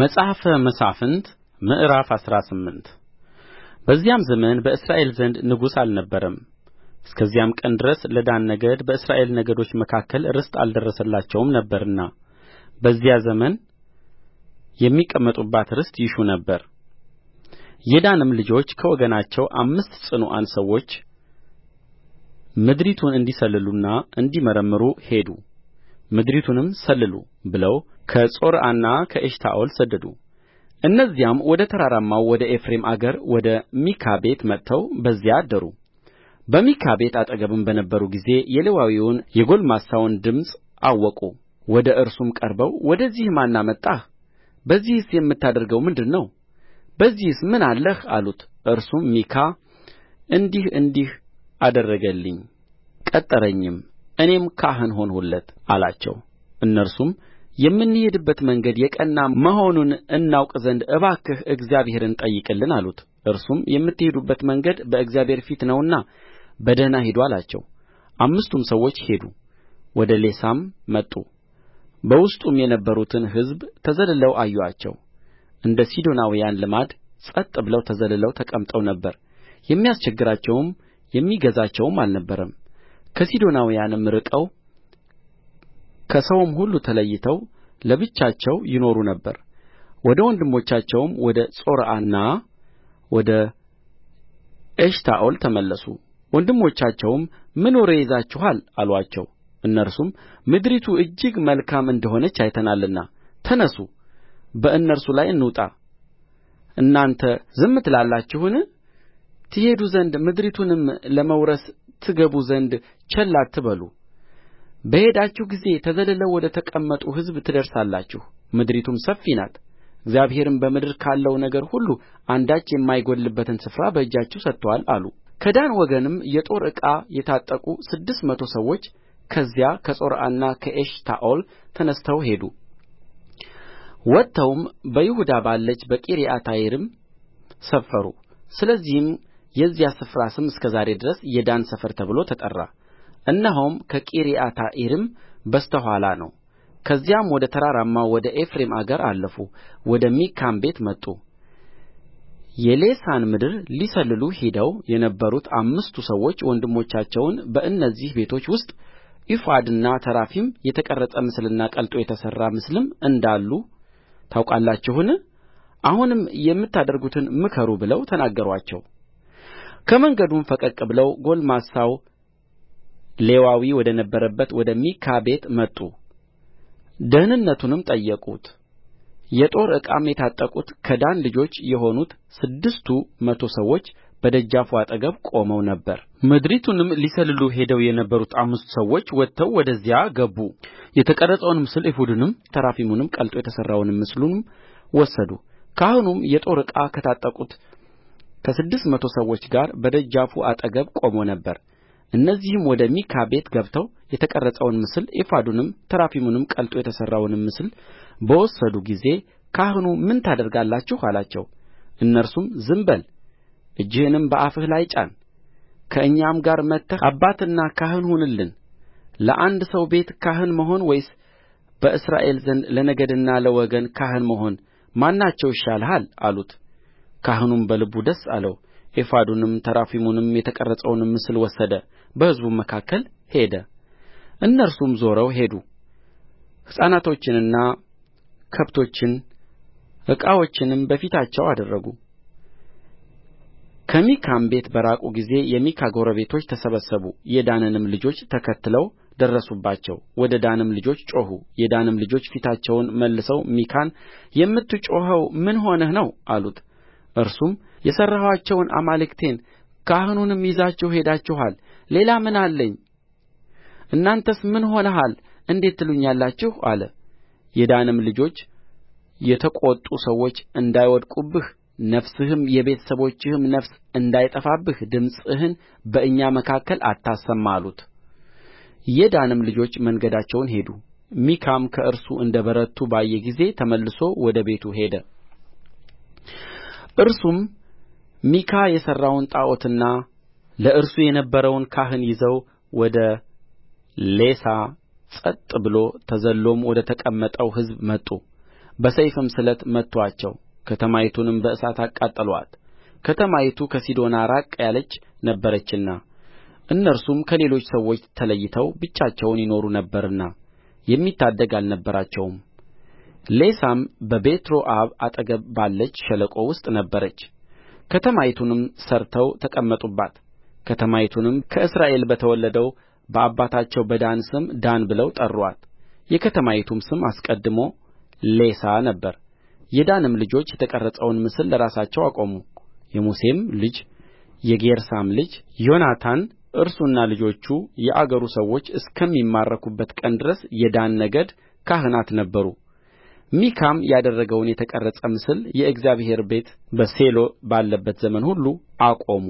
መጽሐፈ መሣፍንት ምዕራፍ አስራ ስምንት በዚያም ዘመን በእስራኤል ዘንድ ንጉሥ አልነበረም። እስከዚያም ቀን ድረስ ለዳን ነገድ በእስራኤል ነገዶች መካከል ርስት አልደረሰላቸውም ነበርና በዚያ ዘመን የሚቀመጡባት ርስት ይሹ ነበር። የዳንም ልጆች ከወገናቸው አምስት ጽኑዓን ሰዎች ምድሪቱን እንዲሰልሉና እንዲመረምሩ ሄዱ። ምድሪቱንም ሰልሉ ብለው ከጾርዓና ከኤሽታኦል ሰደዱ እነዚያም ወደ ተራራማው ወደ ኤፍሬም አገር ወደ ሚካ ቤት መጥተው በዚያ አደሩ በሚካ ቤት አጠገብም በነበሩ ጊዜ የሌዋዊውን የጕልማሳውን ድምፅ አወቁ ወደ እርሱም ቀርበው ወደዚህ ማን አመጣህ በዚህስ የምታደርገው ምንድር ነው በዚህስ ምን አለህ አሉት እርሱም ሚካ እንዲህ እንዲህ አደረገልኝ ቀጠረኝም እኔም ካህን ሆንሁለት አላቸው እነርሱም የምንሄድበት መንገድ የቀና መሆኑን እናውቅ ዘንድ እባክህ እግዚአብሔርን ጠይቅልን አሉት እርሱም የምትሄዱበት መንገድ በእግዚአብሔር ፊት ነውና በደኅና ሂዱ አላቸው አምስቱም ሰዎች ሄዱ ወደ ሌሳም መጡ በውስጡም የነበሩትን ሕዝብ ተዘልለው አዩአቸው እንደ ሲዶናውያን ልማድ ጸጥ ብለው ተዘልለው ተቀምጠው ነበር የሚያስቸግራቸውም የሚገዛቸውም አልነበረም ከሲዶናውያንም ርቀው ከሰውም ሁሉ ተለይተው ለብቻቸው ይኖሩ ነበር ወደ ወንድሞቻቸውም ወደ ጾርዓና ወደ ኤሽታኦል ተመለሱ ወንድሞቻቸውም ምን ወሬ ይዛችኋል አሉአቸው እነርሱም ምድሪቱ እጅግ መልካም እንደሆነች አይተናልና ተነሡ በእነርሱ ላይ እንውጣ እናንተ ዝም ትላላችሁን ትሄዱ ዘንድ ምድሪቱንም ለመውረስ ትገቡ ዘንድ ቸል አትበሉ በሄዳችሁ ጊዜ ተዘልለው ወደ ተቀመጡ ሕዝብ ትደርሳላችሁ ምድሪቱም ሰፊ ናት እግዚአብሔርም በምድር ካለው ነገር ሁሉ አንዳች የማይጎድልበትን ስፍራ በእጃችሁ ሰጥቶአል አሉ ከዳን ወገንም የጦር ዕቃ የታጠቁ ስድስት መቶ ሰዎች ከዚያ ከጾርዓና ከኤሽታኦል ተነሥተው ሄዱ ወጥተውም በይሁዳ ባለች በቂርያትይዓሪም ሰፈሩ ስለዚህም የዚያ ስፍራ ስም እስከ ዛሬ ድረስ የዳን ሰፈር ተብሎ ተጠራ እነሆም ከቂርያትይዓሪም በስተ ኋላ ነው ከዚያም ወደ ተራራማው ወደ ኤፍሬም አገር አለፉ ወደ ሚካም ቤት መጡ የሌሳን ምድር ሊሰልሉ ሄደው የነበሩት አምስቱ ሰዎች ወንድሞቻቸውን በእነዚህ ቤቶች ውስጥ ኤፉድና ተራፊም የተቀረጸ ምስልና ቀልጦ የተሠራ ምስልም እንዳሉ ታውቃላችሁን አሁንም የምታደርጉትን ምከሩ ብለው ተናገሩአቸው ከመንገዱም ፈቀቅ ብለው ጕልማሳው ሌዋዊ ወደ ነበረበት ወደ ሚካ ቤት መጡ ደኅንነቱንም ጠየቁት የጦር ዕቃም የታጠቁት ከዳን ልጆች የሆኑት ስድስቱ መቶ ሰዎች በደጃፉ አጠገብ ቆመው ነበር ምድሪቱንም ሊሰልሉ ሄደው የነበሩት አምስቱ ሰዎች ወጥተው ወደዚያ ገቡ የተቀረጸውን ምስል ኤፉዱንም ተራፊሙንም ቀልጦ የተሠራውንም ምስሉን ወሰዱ ካህኑም የጦር ዕቃ ከታጠቁት ከስድስት መቶ ሰዎች ጋር በደጃፉ አጠገብ ቆሞ ነበር እነዚህም ወደ ሚካ ቤት ገብተው የተቀረጸውን ምስል ኤፉዱንም ተራፊሙንም ቀልጦ የተሠራውንም ምስል በወሰዱ ጊዜ ካህኑ ምን ታደርጋላችሁ አላቸው እነርሱም ዝም በል እጅህንም በአፍህ ላይ ጫን ከእኛም ጋር መጥተህ አባትና ካህን ሁንልን ለአንድ ሰው ቤት ካህን መሆን ወይስ በእስራኤል ዘንድ ለነገድና ለወገን ካህን መሆን ማናቸው ይሻልሃል አሉት ካህኑም በልቡ ደስ አለው ኤፉዱንም ተራፊሙንም የተቀረጸውንም ምስል ወሰደ በሕዝቡም መካከል ሄደ እነርሱም ዞረው ሄዱ ሕፃናቶችንና ከብቶችን ዕቃዎችንም በፊታቸው አደረጉ ከሚካም ቤት በራቁ ጊዜ የሚካ ጎረቤቶች ተሰበሰቡ የዳንንም ልጆች ተከትለው ደረሱባቸው ወደ ዳንም ልጆች ጮኹ የዳንም ልጆች ፊታቸውን መልሰው ሚካን የምትጮኸው ምን ሆነህ ነው አሉት እርሱም የሠራኋቸውን አማልክቴን ካህኑንም ይዛችሁ ሄዳችኋል ሌላ ምን አለኝ እናንተስ ምን ሆነሃል እንዴት ትሉኛላችሁ አለ የዳንም ልጆች የተቈጡ ሰዎች እንዳይወድቁብህ ነፍስህም የቤተ ሰቦችህም ነፍስ እንዳይጠፋብህ ድምፅህን በእኛ መካከል አታሰማ አሉት የዳንም ልጆች መንገዳቸውን ሄዱ ሚካም ከእርሱ እንደ በረቱ ባየ ጊዜ ተመልሶ ወደ ቤቱ ሄደ እርሱም ሚካ የሠራውን ጣዖትና ለእርሱ የነበረውን ካህን ይዘው ወደ ሌሳ ጸጥ ብሎ ተዘልሎም ወደ ተቀመጠው ሕዝብ መጡ። በሰይፍም ስለት መቱአቸው፣ ከተማይቱንም በእሳት አቃጠሉአት። ከተማይቱ ከሲዶና ራቅ ያለች ነበረችና እነርሱም ከሌሎች ሰዎች ተለይተው ብቻቸውን ይኖሩ ነበርና የሚታደግ አልነበራቸውም። ሌሳም በቤትሮዖብ አጠገብ ባለች ሸለቆ ውስጥ ነበረች ከተማይቱንም ሠርተው ተቀመጡባት ከተማይቱንም ከእስራኤል በተወለደው በአባታቸው በዳን ስም ዳን ብለው ጠሩአት የከተማይቱም ስም አስቀድሞ ሌሳ ነበረ የዳንም ልጆች የተቀረጸውን ምስል ለራሳቸው አቆሙ የሙሴም ልጅ የጌርሳም ልጅ ዮናታን እርሱና ልጆቹ የአገሩ ሰዎች እስከሚማረኩበት ቀን ድረስ የዳን ነገድ ካህናት ነበሩ ሚካም ያደረገውን የተቀረጸ ምስል የእግዚአብሔር ቤት በሴሎ ባለበት ዘመን ሁሉ አቆሙ